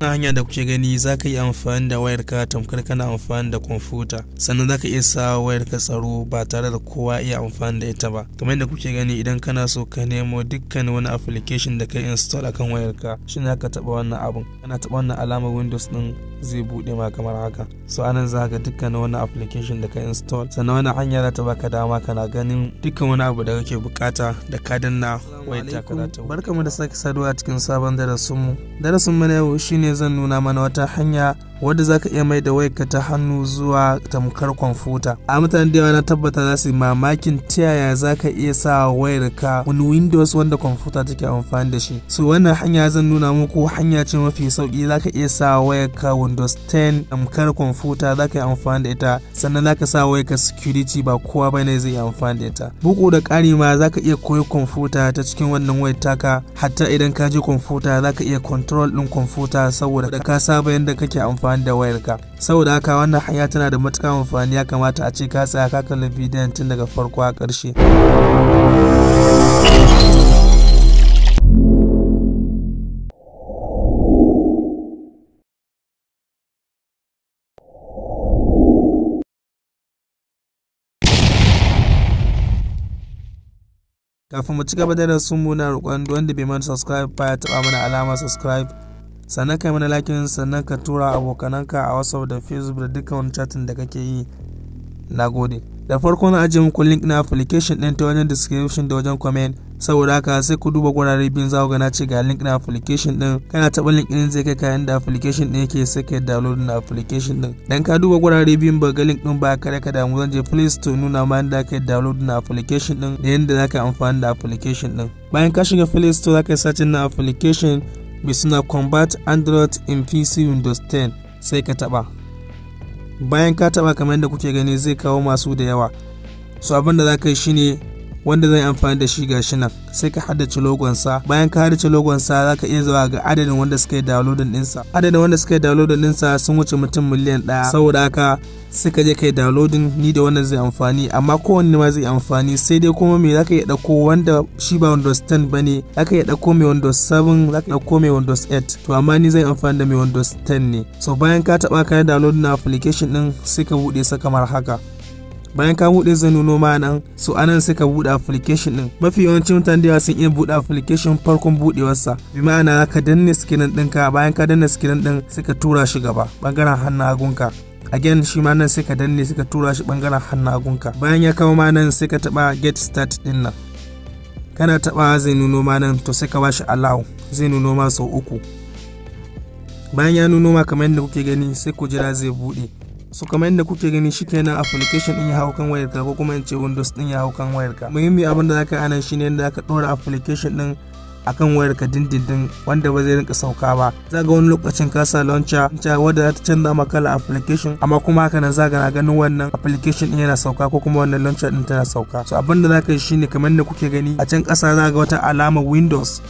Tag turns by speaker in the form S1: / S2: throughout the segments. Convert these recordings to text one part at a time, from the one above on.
S1: na hanya da kuke gani za ka yi amfani da wayarka tamkar kana amfani da kwamfuta sannan za ka iya sa wayarka tsaro ba tare da kowa iya amfani da ita ba kamar yadda kuke gani idan kana so ka nemo dukkan wani application da ka install akan wayarka shi ne ka taba wannan abun kana taɓa wannan alamar windows din zai buɗe ma kamar haka so anan za ka dukkan wani application da ka install sannan wani hanya za ta baka dama kana ganin dukkan wani abu da kake bukata da ka danna ta ka za ta barkamu da sake saduwa cikin sabon darasinmu darasinmu na yau shine zan nuna mana wata hanya wadda ka iya mai da wayarka ta hannu zuwa tamkar kwamfuta a mutane da yawa na tabbata za su yi mamakin ta yaya ka iya sa wayarka wani windows wanda kwamfuta take amfani da shi so wannan hanya zan nuna muku hanya ce mafi sauki ka iya sa wayarka windows 10 tamkar kwamfuta za ka yi amfani da ita sannan za ka sa wayarka security ba kowa ne zai yi amfani da ita buku da ƙari ma za ka iya koyi kwamfuta ta cikin wannan wayar taka hatta idan ka je kwamfuta za ka iya control ɗin kwamfuta saboda ka saba yadda kake amfani amfani da wayarka saboda haka wannan hanya tana da matuƙar amfani ya kamata a ce ka tsaya ka kalli bidiyon tun daga farko a ƙarshe kafin mu ci gaba da rasu muna roƙon wanda bai mana subscribe ba ya taɓa mana alamar subscribe sannan ka yi mana lakin sannan ka tura abokananka a whatsapp da facebook da dukkan wani chatin da kake yi na gode da farko na ajiye muku link na application din ta wajen description da wajen comment saboda haka sai ku duba gurare biyun za ku gana ce ga link na application din kana taba link din zai kai ka da application din yake sai ka download na application din dan ka duba gurare biyun ba ga link din ba kare ka damu zan je please to nuna ma yadda ka download na application din da yadda za ka amfani da application din bayan ka shiga play store za ka yi na application suna combat android in pc windows 10 sai ka taba bayan ka taba kamar yadda kuke gani zai kawo masu da yawa so abin da za ka yi shine wanda zan amfani da shi gashi nan sai ka haddace logonsa bayan ka haddace logonsa za ka iya zuwa ga adadin wanda suka yi downloadin ɗinsa adadin wanda suka yi downloadin ɗinsa sun wuce mutum miliyan ɗaya saboda haka suka je kai downloading ni da wannan zai amfani amma kowanne ma zai amfani sai dai kuma me za ka iya dauko wanda shi ba Windows 10 bane ka iya dauko mai Windows 7 zaka dauko mai Windows 8 to amma ni zan amfani da mai Windows 10 ne so bayan ka taba kai downloading application din sai ka bude sa kamar haka bayan ka buɗe zai nuno ma nan so anan sai ka buɗe application din mafi yawancin mutane da sun iya buɗe application farkon buɗewarsa bi ma'ana ka danne sikinan ɗinka bayan ka danne skinin ɗin sai ka tura shi gaba bangaren hannun hagunka again shi ma nan sai ka danne sai ka tura shi bangaren hannun hagunka bayan ya kawo ma nan sai ka taɓa get start ɗin nan kana taɓa zai nuno ma nan to sai ka bashi allow zai nuno ma sau uku bayan ya nuno ma kamar yadda kuke gani sai ku jira zai buɗe so kamar yadda kuke gani shi kenan application din ya hau kan wayar ka ko kuma in ce windows din ya hau kan wayar ka muhimmi abin da zaka ana shine yadda zaka dora application din akan wayar ka dindindin wanda ba zai rinka sauka ba za ga wani lokacin ka sa launcher launcher wadda za canza maka kala application amma kuma haka nan za ga ganin wannan application din yana sauka ko kuma wannan launcher din tana sauka so abin da zaka yi shine kamar da kuke gani a can kasa za ga wata alama windows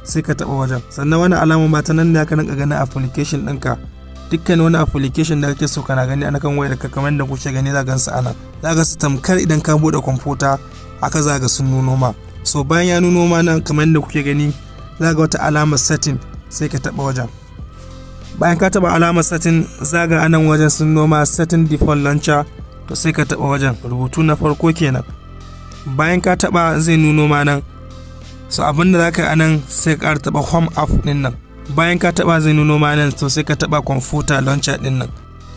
S1: sai ka taba wajen sannan wani alama ba ta nan ne aka rinka ganin application ɗinka dukkan wani application da kake so kana gani ana kan wayar ka kamar da kuke gani za gansu ana za ga su tamkar idan ka bude kwamfuta haka za ga sun nuno ma so bayan ya nuno ma nan kamar da kuke gani za ga wata alama setting sai ka taba wajen bayan ka taba alamar setting za ga anan wajen sun noma setting default launcher to sai ka taba wajen rubutu na farko kenan bayan ka taba zai nuno ma nan so abinda za ka anan sai ka taba home app din nan bayan ka taba zai nuno nan to sai ka taba kwamfuta launcher din nan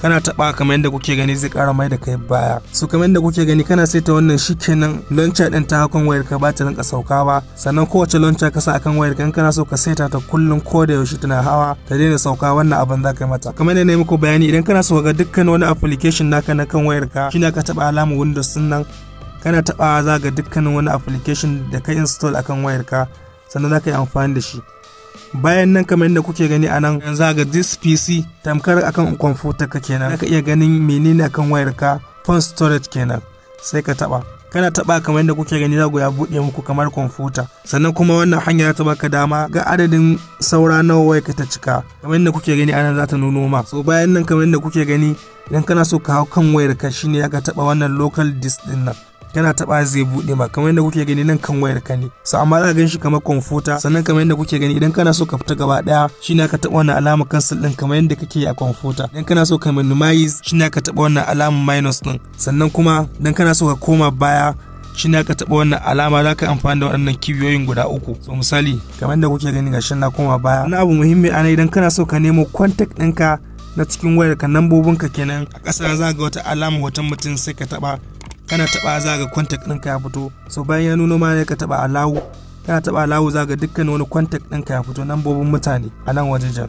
S1: kana taba kamar yadda kuke gani zai kara mai da kai baya so kamar yadda kuke gani kana saita wannan shikenan launcher din ta hakan wayar ka ba ta rinka sauka ba sannan kowace launcher ka sa akan wayar kan kana so ka saita ta kullun ko da yaushe tana hawa ta daina sauka wannan abin za ka yi mata kamar yadda na muku bayani idan kana so ga dukkan wani application naka na kan wayar ka shine ka taba alama windows din nan kana taba za ga dukkanin wani application da ka install akan wayar ka sannan za ka yi amfani da shi bayan nan kamar yadda kuke gani a nan yanzu ga this pc tamkar akan kwamfuta ka kenan ka iya ganin menene akan wayar ka phone storage kenan sai ka taba kana taba kamar yadda kuke gani zago ya buɗe muku kamar kwamfuta sannan kuma wannan hanya ta baka dama ga adadin saura nawa wai ka ta cika kamar yadda kuke gani anan za ta nuno ma so bayan nan kamar yadda kuke gani idan kana so ka hau kan wayar ka shine ya ka taba wannan local disk din nan kana taba zai bude ma kamar yadda kuke gani nan kan wayar ka ne so amma za ka ganshi kamar kwamfuta sannan kamar yadda kuke gani idan kana so ka fita gaba daya shi na ka taba wannan alamar cancel din kamar yadda kake a kwamfuta idan kana so ka minimize shi na ka taba wannan alama minus din sannan kuma idan kana so ka koma baya shi ne ka taɓa wannan alama za ka amfani da waɗannan kibiyoyin guda uku so misali kamar da kuke gani gashin na koma baya wani abu muhimmi ana idan kana so ka nemo contact ɗinka na cikin wayar ka ka kenan a ƙasa za ga wata alama hoton mutum sai ka taba kana taba za ga kwantak ɗinka ya fito so bayan ya nuno ma ka taba alawu kana taba alawu za ga dukkan wani kwantak ɗinka ya fito nan bobin mutane a nan wajejen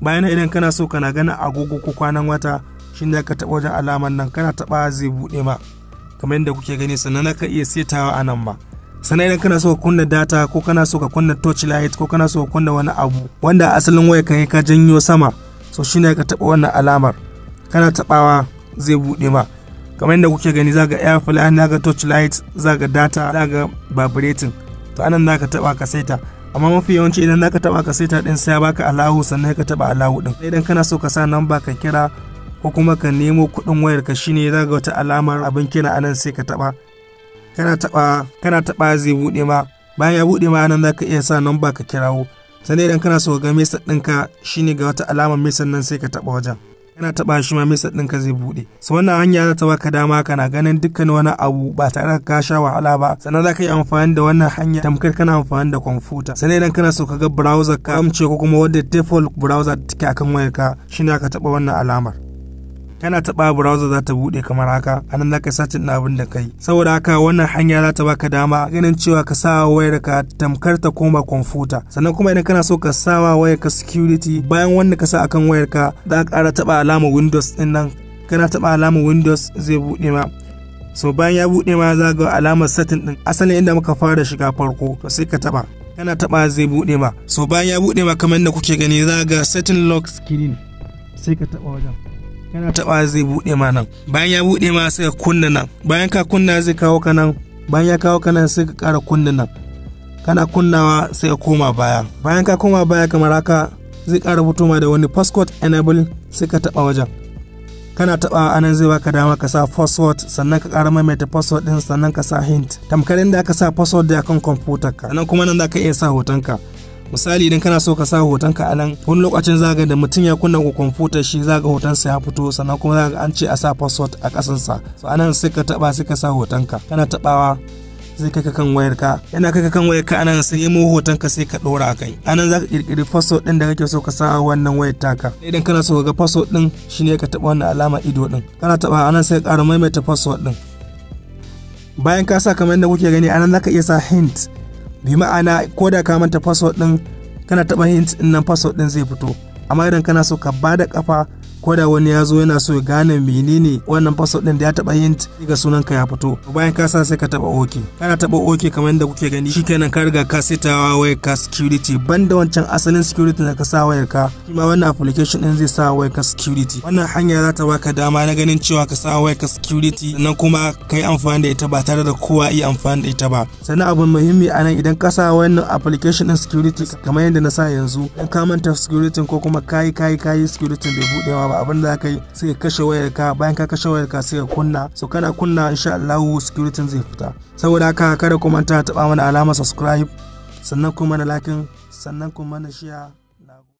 S1: bayan idan kana so kana gana agogo ko kwanan wata shi ne ka taba wajen alaman nan kana taba zai buɗe ma kamar yadda kuke gani sannan ka iya setawa a nan ma sannan idan kana so ka kunna data ko kana so ka kunna torch light ko kana so ka kunna wani abu wanda asalin waya kan ka janyo sama so shine ka taba wannan alamar kana tabawa zai buɗe ma kamar yadda kuke gani za ga air fly ga touch light ga data ga vibrating to anan ka taba ka saita amma mafi yawanci idan ka taba ka saita din sai baka alahu sannan ka taba alahu din idan kana so ka sa namba ka kira ko kuma ka nemo kudin wayar ka shine ga wata alamar abin kira anan sai ka taba kana taba kana taba zai bude ma bayan ya bude ma anan ka iya sa namba ka kirawo sannan idan kana so ka ga mesa ɗinka shine ga wata alamar mesa nan sai ka taba wajen kana taba shi ma mesa din ka zai bude so wannan hanya za ta baka dama kana ganin dukkan wani abu ba tare da ka sha wahala ba sannan za ka yi amfani da wannan hanya tamkar kana amfani da kwamfuta sannan idan kana so ka ga browser ka amce ko kuma wadda default browser take akan wayarka shine ka taba wannan alamar kana taba browser za ta bude kamar haka anan za ka satin na abin da kai saboda haka wannan hanya za ta baka dama ganin cewa ka sa wayar ka tamkar ta koma kwamfuta sannan kuma idan kana so ka wa wayar ka security bayan wanda ka sa akan wayar ka za ka ƙara taba alamar windows din nan kana taba alamar windows zai bude ma so bayan ya bude ma za ga alamar setting din asalin inda muka fara shiga farko to sai ka taba kana taba zai bude ma so bayan ya bude ma kamar da kuke gani za ga setting lock screen sai ka taba wajen kana taba zai bude ma nan bayan ya bude ma sai ka kunna nan bayan ka kunna zai kawo ka nan bayan ya kawo ka nan sai ka kara kunna nan kana kunnawa sai ka koma baya bayan ka koma baya kamar haka zai kara fito ma da wani password enable sai ka taba wajen kana taba anan zai baka dama ka sa password sannan ka kara maimaita password din sannan ka sa hint tamkar inda ka sa password da akan computer ka nan kuma nan zaka iya sa hotonka. ka misali idan kana so ka sa hotonka a nan wani lokacin zaga da mutum ya kunna ko kwamfutar shi zaga hotonsa ya fito sannan kuma zaga an ce a sa password a kasansa so anan sai ka taba sai ka sa hotonka kana tabawa zai kai ka kan wayar ka yana kai ka kan wayar ka anan sai mu hoton ka sai ka dora kai anan zaka kirkiri password din da kake so ka sa wannan wayar taka idan kana so ka ga password din shine ka taba wannan alama ido din kana taba anan sai ka ƙara maimaita password din bayan ka sa kamar yadda kuke gani anan zaka iya sa hint bi ma'ana ko da ka manta password din kana taɓa hint din nan password din zai fito amma idan kana so ka bada kafa ko da wani ya zo yana so ya gane menene wannan password din da ya taba hint ga sunan ka ya fito bayan ka sa sai ka taba ok kana taba ok kamar yadda kuke gani shikenan ka riga ka setawa wayar ka security banda wancan asalin security da ka sa wayar ka shi ma wannan application din zai sa wayar ka security wannan hanya za ta baka dama na ganin cewa ka sa wayar ka security sannan kuma kai amfani da ita ba tare da kowa yi amfani da ita ba sannan abu muhimmi anan idan ka sa wannan application din security kamar yadda na sa yanzu in ka manta security ko kuma kayi kayi kayi security bai budewa ba abin da kai yi sai kashe wayar ka bayan ka kashe wayar ka sai kunna so kana kunna insha Allah security zai fita saboda haka kada ku manta taba mana alamar subscribe sannan kuma na lakin sannan kuma na share